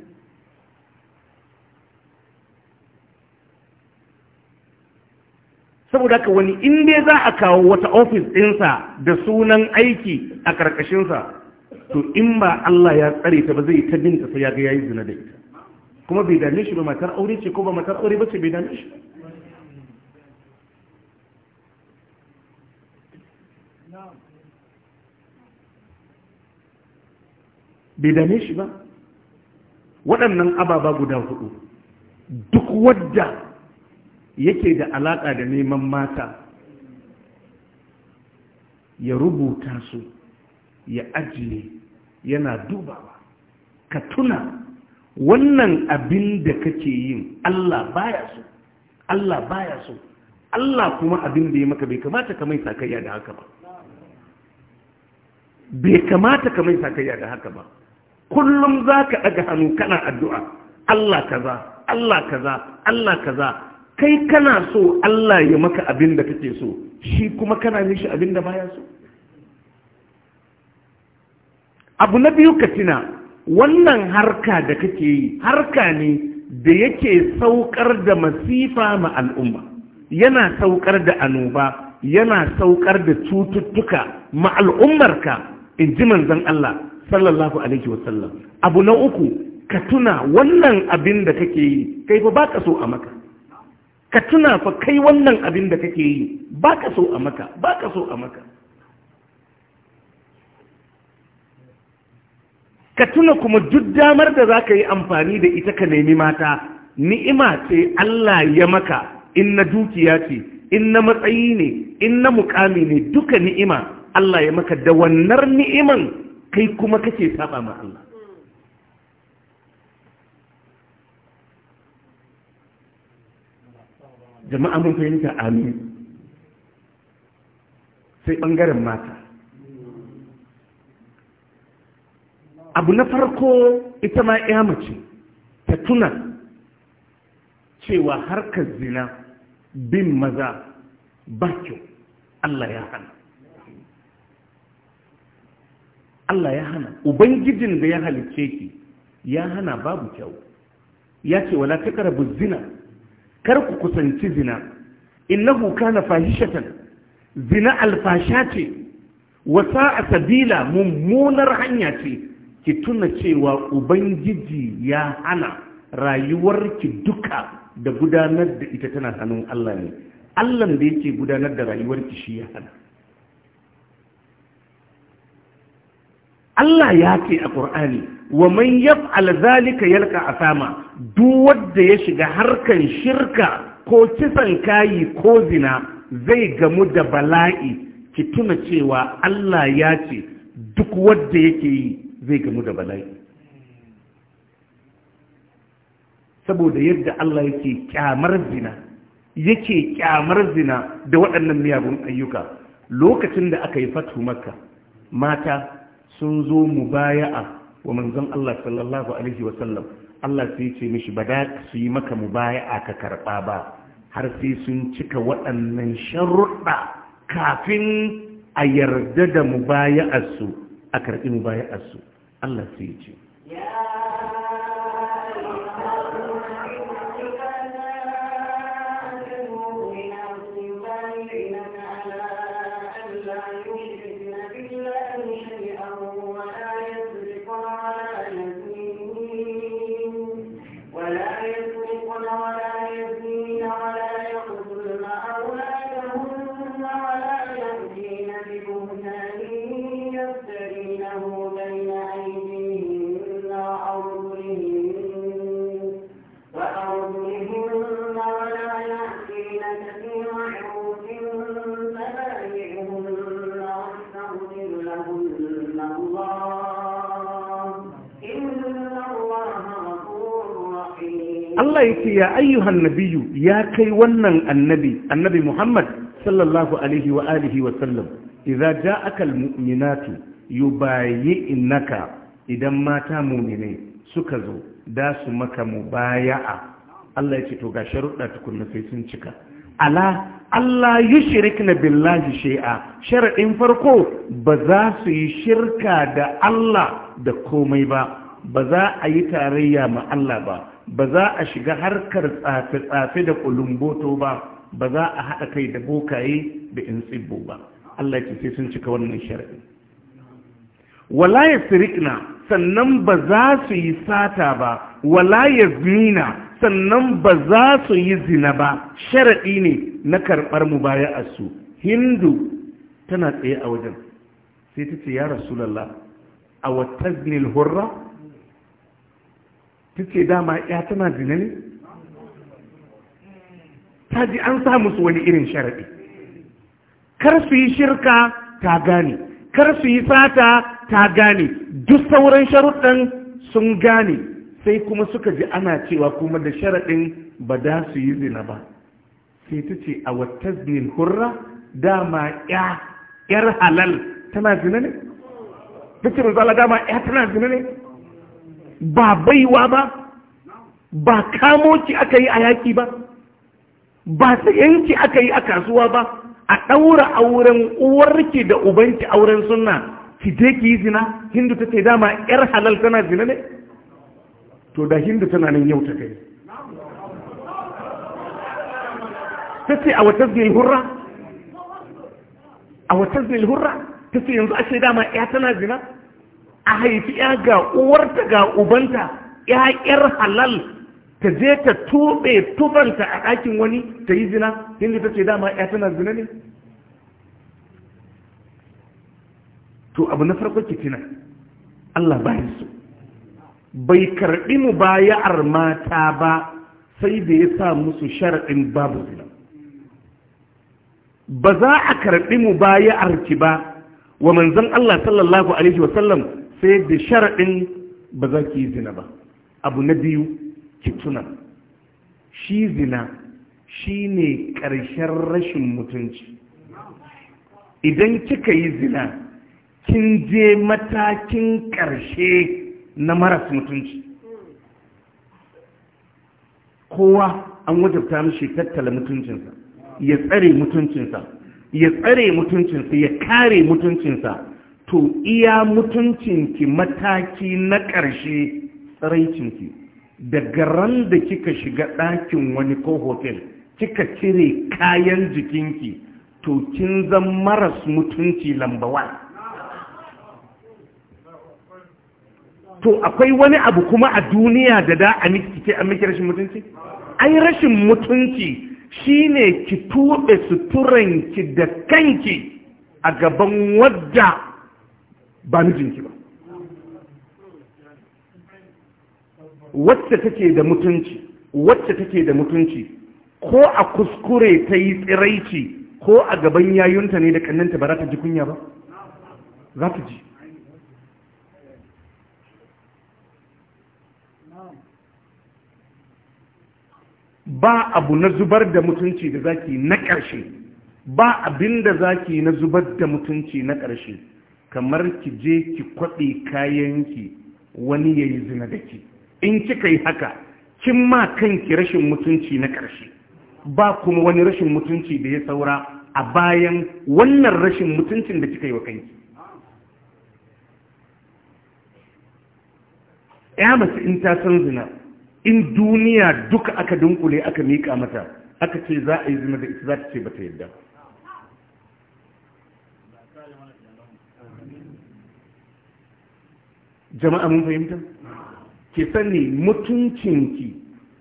saboda ka wani inda za a kawo wata ofis ɗinsa da sunan aiki a ƙarƙashinsa to in ba Allah ya tsare ta ba zai ta binta sai ya ga yayi zina da ita kuma bai dame shi ba matar aure ce ko ba matar aure ba ce bai dame shi bai dame shi ba waɗannan ababa guda hudu duk wadda yake da alaƙa da neman mata ya rubuta su ya ajiye yana dubawa ka tuna wannan abin da kake yin Allah baya so Allah baya so Allah kuma abin da ya maka bai kamata ka mai sakayya da haka ba bai kamata ka mai sakayya da haka ba kullum zaka ka ɗaga hannu kana addu'a Allah kaza Allah kaza Allah kaza kai kana so Allah ya maka abin da kake so shi kuma kana mishi abin da baya so abu na biyu ka tuna wannan harka da kake yi harka ne da yake saukar da masifa ma al'umma yana saukar da annoba yana saukar da cututtuka ma al'ummarka in ji manzon Allah sallallahu alaihi wasallam abu na uku ka tuna wannan abin da kake yi kai fa baka so a maka ka tuna fa kai wannan abin da kake yi baka so a maka baka so a maka ka tuna kuma duk damar da za ka yi amfani da ita ka nemi mata ni'ima ce Allah ya maka in na dukiya ce in na matsayi ne in na mukami ne duka ni'ima Allah ya maka da wannan ni'iman kai kuma kake saba ma Allah jama'a mun fahimta amin sai bangaren mata abu na farko ita ma ya mace ta tuna cewa harkar zina bin maza ba kyau Allah ya hana Allah ya hana ubangijin da ya halicce ki ya hana babu kyau ya ce wala taqrabu zina kar ku kusanci zina innahu kana fahishatan zina alfasha ce wasa a sabila mummunar hanya ce ki tuna cewa ubangiji ya hana rayuwarki duka da gudanar da ita tana hannun Allah ne Allah da yake gudanar da rayuwarki shi ya hana Allah ya ce a Qur'ani wa man yaf'al zalika yalqa asama duk wanda ya shiga harkan shirka ko kisan kayi ko zina zai gamu da bala'i ki tuna cewa Allah ya ce duk wanda yake yi zai gamu da bala'i saboda yadda Allah yake kyamar zina yake kyamar zina da waɗannan miyagun ayyuka lokacin da aka yi fatu maka, mata sun zo mu baya'a wa manzon Allah sallallahu alaihi wasallam Allah sai ce mishi ba da su yi maka mu baya'a ka karɓa ba har sai sun cika waɗannan sharuɗa kafin a yarda da mu su a karɓi mu su. Allah sai Allah yake ya ayyuhan nabiyu ya kai wannan annabi annabi Muhammad sallallahu alaihi wa alihi wa sallam idza ja'aka almu'minatu yubayyi'naka idan mata mu'minai suka zo da su maka mubaya'a Allah ya ce to ga sharuɗa tukunna sai sun cika ala Allah yushrikna billahi shay'a sharadin farko ba za su yi shirka da Allah da komai ba ba za a yi tarayya ma Allah ba ba za a shiga harkar tsafe-tsafe da ƙulumboto ba ba za a haɗa kai da bokaye da in tsibbo ba Allah ya ce sun cika wannan shari'i wala ya sirikna sannan ba za su yi sata ba wala ya zina sannan ba za su yi zina ba sharaɗi ne na karɓar mu baya a su hindu tana tsaye a wajen sai ta ce ya rasulallah a wataznil hurra ta dama ya tana zina ne ta ji an sa musu wani irin sharaɗi kar su yi shirka ta gane kar su yi sata ta gane duk sauran sharuɗɗan sun gane sai kuma suka ji ana cewa kuma da sharaɗin ba da su yi zina ba sai ta ce a wata zinin hurra dama ya yar halal tana zina ne ta ce manzo Allah dama ya tana zina ne ba baiwa ba ba kamoci aka yi a yaƙi ba ba sayanci aka yi a kasuwa ba a ɗaura auren uwarki da ubanki auren suna, ki je ki yi zina hindu ta ce dama yar halal tana zina ne to da hindu tana nan yau ta kai ta ce a wata zai hurra a wata zai hurra ta ce yanzu ce dama ya tana zina a haifi ya ga uwarta ga ubanta ya halal ta je ta tube tubanta a ɗakin wani ta yi zina inda ta ce dama ya tana zina ne to abu na farko kitina Allah ba su bai karɓi mu baya'ar mata ba sai da ya sa musu sharin babu zina ba za a karɓi mu baya'ar ki ba wa manzon Allah sallallahu alaihi wasallam sai da sharaɗin ba za ki yi zina ba abu na biyu ki tuna shi zina shi ne ƙarshen rashin mutunci idan kika yi zina kin je matakin ƙarshe na maras mutunci kowa an wajabta mashi tattala mutuncinsa ya tsare mutuncinsa ya tsare mutuncinsa ya kare mutuncinsa to iya mutuncinki mataki na ƙarshe tsaraicinki daga ran da kika shiga ɗakin wani ko hotel kika cire kayan jikinki to kin zan maras mutunci lambawa to akwai wani abu kuma a duniya da da a miki a miki rashin mutunci ai rashin mutunci shine ki tuɓe suturanki da kanki a gaban wadda ba mijinki ba wacce take da mutunci wacce take da mutunci ko a kuskure ta yi tsiraici ko a gaban yayunta ne da kannanta ba za ta ji kunya ba za ta ji ba abu na zubar da mutunci da zaki na ƙarshe ba abin da zaki na zubar da mutunci na ƙarshe kamar ki je ki kwaɗe kayanki wani ya yi zina da ki in kika yi haka kin ma kanki rashin mutunci na ƙarshe ba kuma wani rashin mutunci da ya saura a bayan wannan rashin mutuncin da kika yi wa kanki ya mace in ta san zina in duniya duka aka dunkule aka miƙa mata aka ce za a yi zina da ita za ta ce ba ta yadda ba jama'a mun fahimta ki sani mutuncinki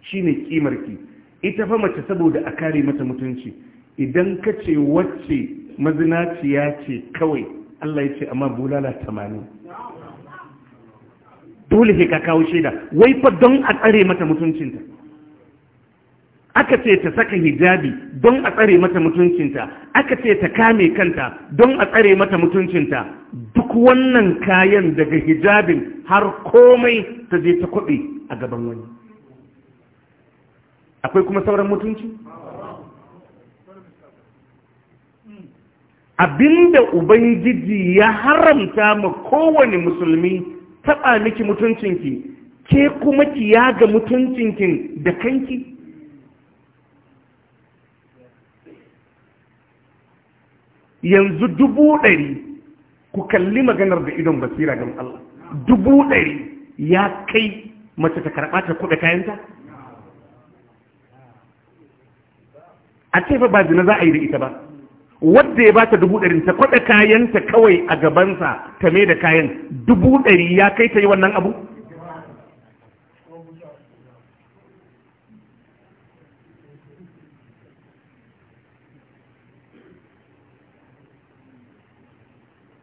shine kimarki ita fa mace saboda a kare mata mutunci idan ka ce wacce mazinaciya ce kawai Allah ya ce amma bulala tamanin dole ka kawo shaida wai fa don a tsare mata mutuncinta aka ce ta saka hijabi don a tsare mata mutuncinta aka ce ta kame kanta don a tsare mata mutuncinta duk wannan kayan daga hijabin har komai ta je ta kwaɓe a gaban wani akwai kuma sauran mutunci abinda ubangiji ya haramta ma kowane musulmi taɓa miki mutuncinki ke kuma ki yaga mutuncinkin da kanki yanzu dubu ɗari ku kalli maganar da idon basira ga Allah dubu ɗari ya kai mace ta karɓa ta kuɗa kayanta a ce fa ba zina za a yi da ita ba wadda ya bata dubu ɗari ta kwaɗa kayanta kawai a gabansa ta mai da kayan dubu ɗari ya kai ta yi wannan abu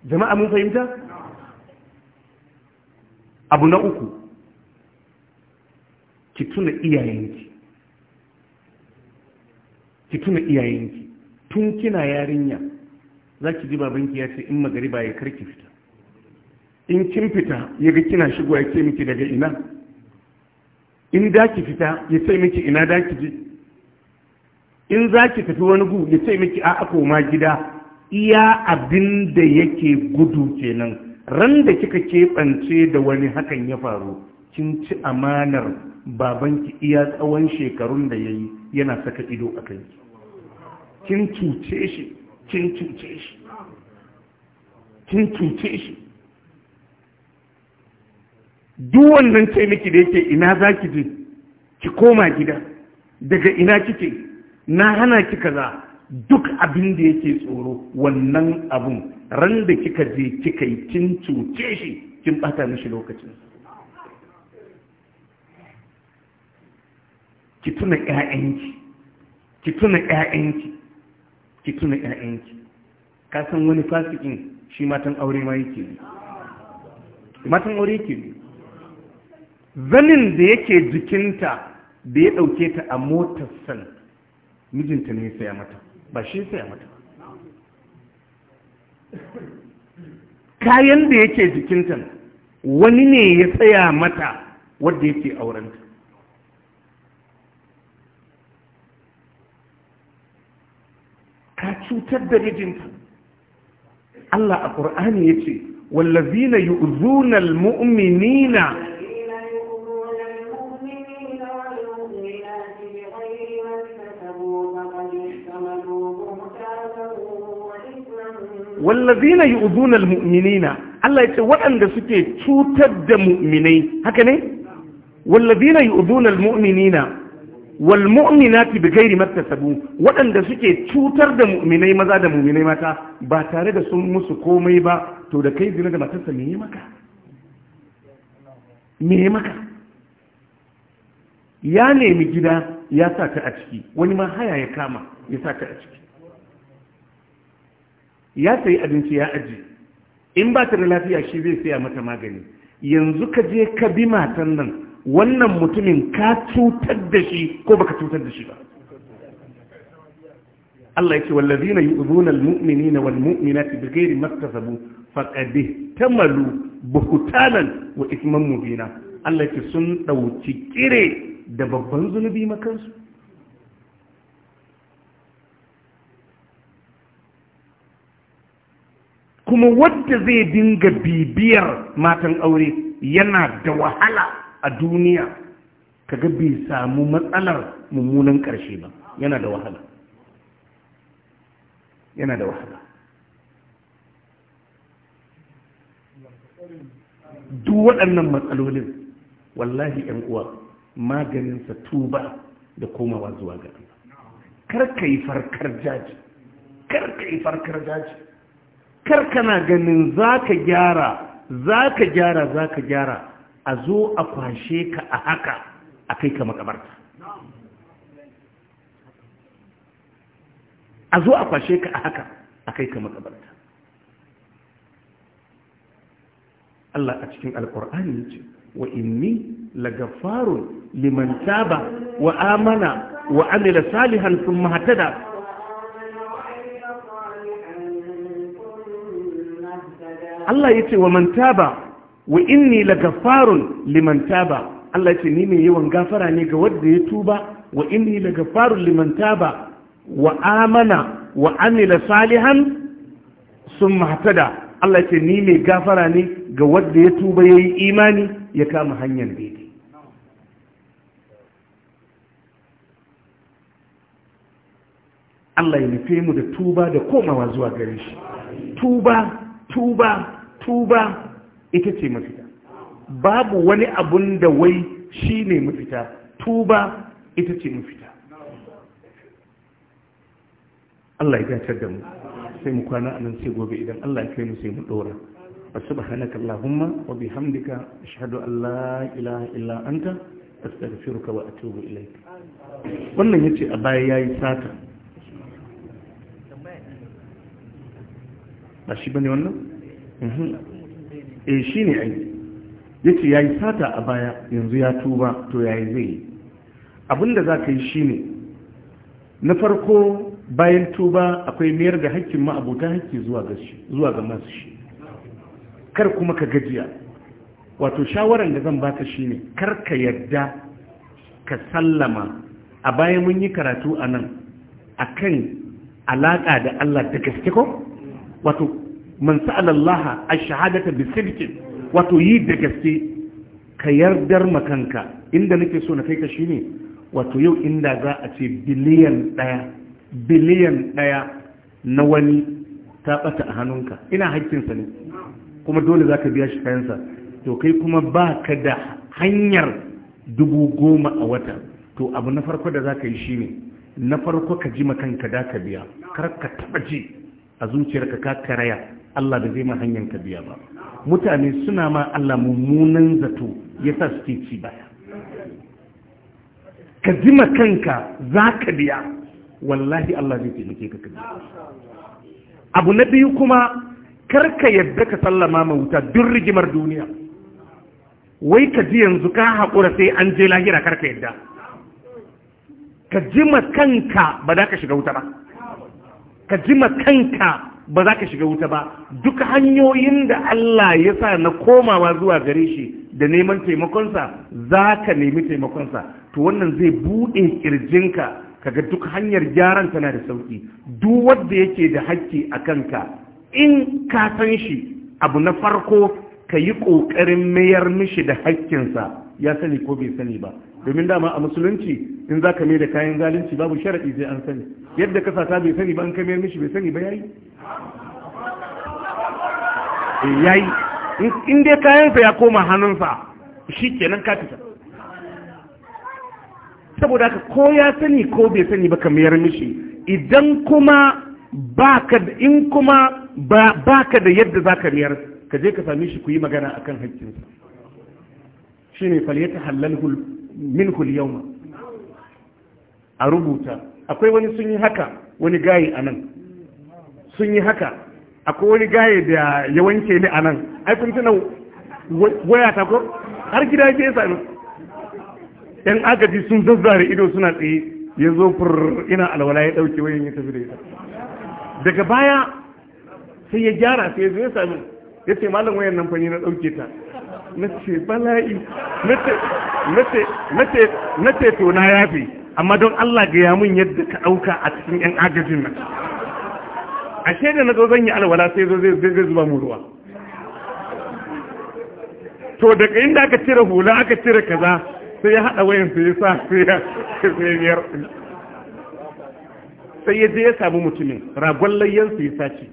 jama'a mun fahimta abu na uku ki tuna iyayenki ki tuna iyayenki tun kina yarinya za ki ji babanki ya ce in magariba ya karki fita in kin fita ya ga kina shigo ya ce miki daga ina in da ki fita ya ce miki ina da ki ji. in za ki tafi wani gu ya ce miki a ako ma gida iya abin da yake gudu kenan ran da kika keɓance da wani hakan ya faru kin ci amanar babanki iya tsawon shekarun da ya yi yana saka ido a kai kin cuce shi kin cuce shi kin cuce shi duk wannan ce miki da yake ina za ki je ki koma gida daga ina kike na hana ki kaza duk abin da yake tsoro wannan abun ran da kika je kika yi kin cuce shi kin bata mishi lokacin ki tuna ƴaƴanki ki tuna ƴaƴanki ki tuna ƴaƴanki ka san wani fasikin shi matan aure ma yake matan aure yake zanin da yake jikinta da ya ɗauke ta a motar san mijinta ne ya saya mata ba shi sai mata kayan da yake jikinta wani ne ya tsaya mata wadda yake aurenta ka cutar da mijinta Allah a ƙur'ani ya ce wallazina yu'zuna al-mu'minina wallazina yu'dhuna almu'minina Allah yace waɗanda suke cutar da mu'minai haka ne wallazina yu'dhuna almu'minina walmu'minati bighairi maktasabu waɗanda suke cutar da mu'minai maza da mu'minai mata ba tare da sun musu komai ba to da kai zina da matarsa me yi maka me yi maka ya nemi gida ya sa ta a ciki wani ma haya ya kama ya sa ta a ciki ya sayi abinci ya aji in ba ta da lafiya shi zai saya mata magani yanzu ka je ka bi matan nan wannan mutumin ka cutar da shi ko baka cutar da shi ba Allah yake wallazina yu'zuna almu'minina walmu'minati bighayri maktasabu faqad tamalu buhtanan wa isman mubina Allah yake sun dauki kire da babban zunubi makansu kuma wadda zai dinga bibiyar matan aure yana da wahala a duniya kaga bai samu matsalar mummunan ƙarshe ba yana da wahala yana da wahala duk waɗannan matsalolin wallahi ‘yan uwa maganinsa tuba da komawa zuwa ga Allah kar ka yi farkar jaji kar ka yi farkar jaji karkana ganin za ka gyara za ka gyara za ka gyara a zo a kwashe ka a haka a kai ka makabarta a zo a kwashe ka a haka a kai ka makabarta Allah a cikin alkur'ani ce wa inni lagafarun limanta ba wa amana wa amila salihan sun mahatada Allah ya ce wa man taba wa inni lagafarun liman taba Allah ya ce ni mai yawan gafara ne ga wanda ya tuba wa inni lagafarun liman taba wa amana wa amila salihan sun mahtada Allah ya ce ni mai gafara ne ga wanda ya tuba yayi imani ya kama hanyar daidai Allah ya nufe mu da tuba da komawa zuwa gare shi tuba tuba tuba ita ce mafita babu wani abun da wai shi ne mafita tuba ita ce mafita Allah ya gacar da mu sai mu kwana a nan sai gobe idan Allah ya kai mu sai mu dora subhanaka allahumma wa bihamdika ashhadu an la ilaha illa anta astaghfiruka wa atubu ilayk wannan yace a baya yayi sata ba shi bane wannan mhm. eh shi ne ai yace yayi sata a baya yanzu ya tuba to yayi zai abinda za ka yi shi ne na farko bayan tuba akwai mayar da hakkin ma'abuta hakki zuwa ga masu shi kar kuma ka gajiya wato shawaran da zan baka shi ne kar ka yadda ka sallama a bayan mun yi karatu anan nan a kan alaƙa da Allah da gaske ko? wato man sa'alallaha ash-shahadata bi sidqin wato yi da gaske ka yardar makanka inda nake so na kai ka shine wato yau inda za a ce biliyan daya biliyan daya na wani ta bata a hannunka ina sa ne kuma dole za ka biya shi kayansa to kai kuma ba ka da hanyar dubu goma a wata to abu na farko da za ka yi shine na farko ka ji makanka da ka biya kar ka taɓa ji a zuciyarka ka karaya Allah da zai ma hanyar ka biya ba mutane suna ma Allah mummunan zato ya sa su ke ci baya ka ma kanka za ka biya wallahi Allah zai taimake ka kaji abu na biyu kuma karka yadda ka sallama ma wuta duk rigimar duniya wai ka ji yanzu ka haƙura sai an je lahira karka yadda ka jima kanka ba za ka shiga wuta ba ka jima kanka ba za ka shiga wuta ba duk hanyoyin da Allah ya sa na komawa zuwa gare shi da neman taimakonsa za ka nemi taimakonsa to wannan zai buɗe ƙirjinka kaga duk hanyar gyaran tana da sauƙi duk wanda yake da hakki a kanka in ka san shi abu na farko ka yi ƙoƙarin mayar mishi da hakkinsa ya sani ko bai sani ba domin dama a musulunci in za ka mai da kayan zalunci babu sharaɗi sai an sani yadda ka sata bai sani ba an kamar mishi bai sani ba yayi eh, yayi in dai kayansa ya koma hannunsa shi kenan ka fita saboda ka ko ya sani ko bai sani ba kamar mishi idan kuma baka da in kuma baka da yadda za ka miyar ka je ka same shi ku yi magana akan hakkinsa shine falyata halalhul minhu yawma a rubuta akwai wani sun yi haka wani gayi anan sun yi haka akwai wani gayi da ya wanke ni anan ai kun tuna waya ta ko har gida ke sa yan agaji sun zazzare ido suna tsaye ya zo fur ina alwala ya dauke wayan ya tafi da ita daga baya sai ya gyara sai ya zo ya sami ya ce malam wayan nan fani na dauke ta na ce bala'i na ce na ceto na yafi amma don Allah gaya mun yadda ka ɗauka a cikin 'yan agajin nan ashe da na zo zan yi alwala sai zo zai zuba mu ruwa to daga inda aka cire hula aka cire kaza sai ya haɗa wayan sai ya sa sai ya biyar sai ya je ya samu mutumin ragon layyansa ya sace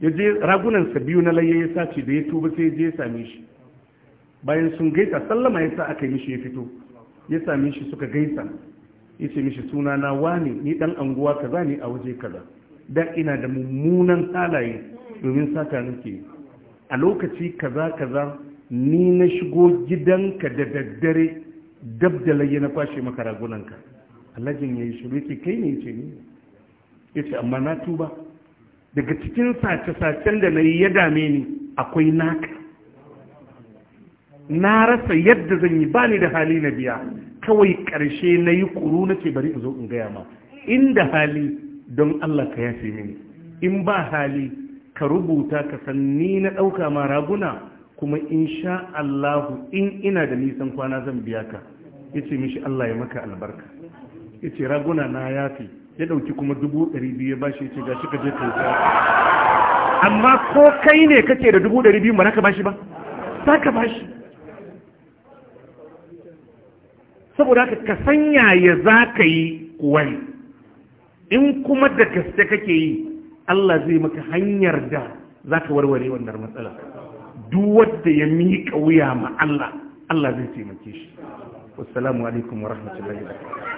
ya je ragunansa biyu na layya ya sace da ya tuba sai ya je ya same shi bayan sun gaisa sallama ya sa aka yi mishi ya fito ya sami shi suka gaisa ya ce mishi suna na wani ni dan anguwa kaza ne a waje kaza da ina da mummunan halaye domin sata nake a lokaci kaza kaza ni na shigo gidanka da daddare dab da laye na kwashe maka ragunanka alhajin ya yi shiru ya ce kai ne ce ni ya ce amma na tuba daga cikin sace-sacen da na yi ya dame ni akwai naka na rasa yadda zan yi ba ni da hali na biya kawai ƙarshe na yi ƙuru na ce bari in zo in gaya ma inda hali don Allah ka yafe mini in ba hali ka rubuta ka san ni na ɗauka ma raguna kuma sha Allahu in ina da nisan kwana zan biya ka ya ce mishi Allah ya maka albarka Ya ce raguna na fi, ya ɗauki kuma dubu ɗari biyu ya bashi ga gashi ka je ka amma ko kai ne kake da dubu ɗari biyu ba ka bashi ba za ka bashi saboda haka ka sanya ya za ka yi wani in kuma da gaske kake yi Allah zai maka hanyar da za ka warware wannan matsala duk wanda ya miƙa wuya ma Allah Allah zai taimake shi wassalamu alaikum wa rahmatullahi wa barakatuh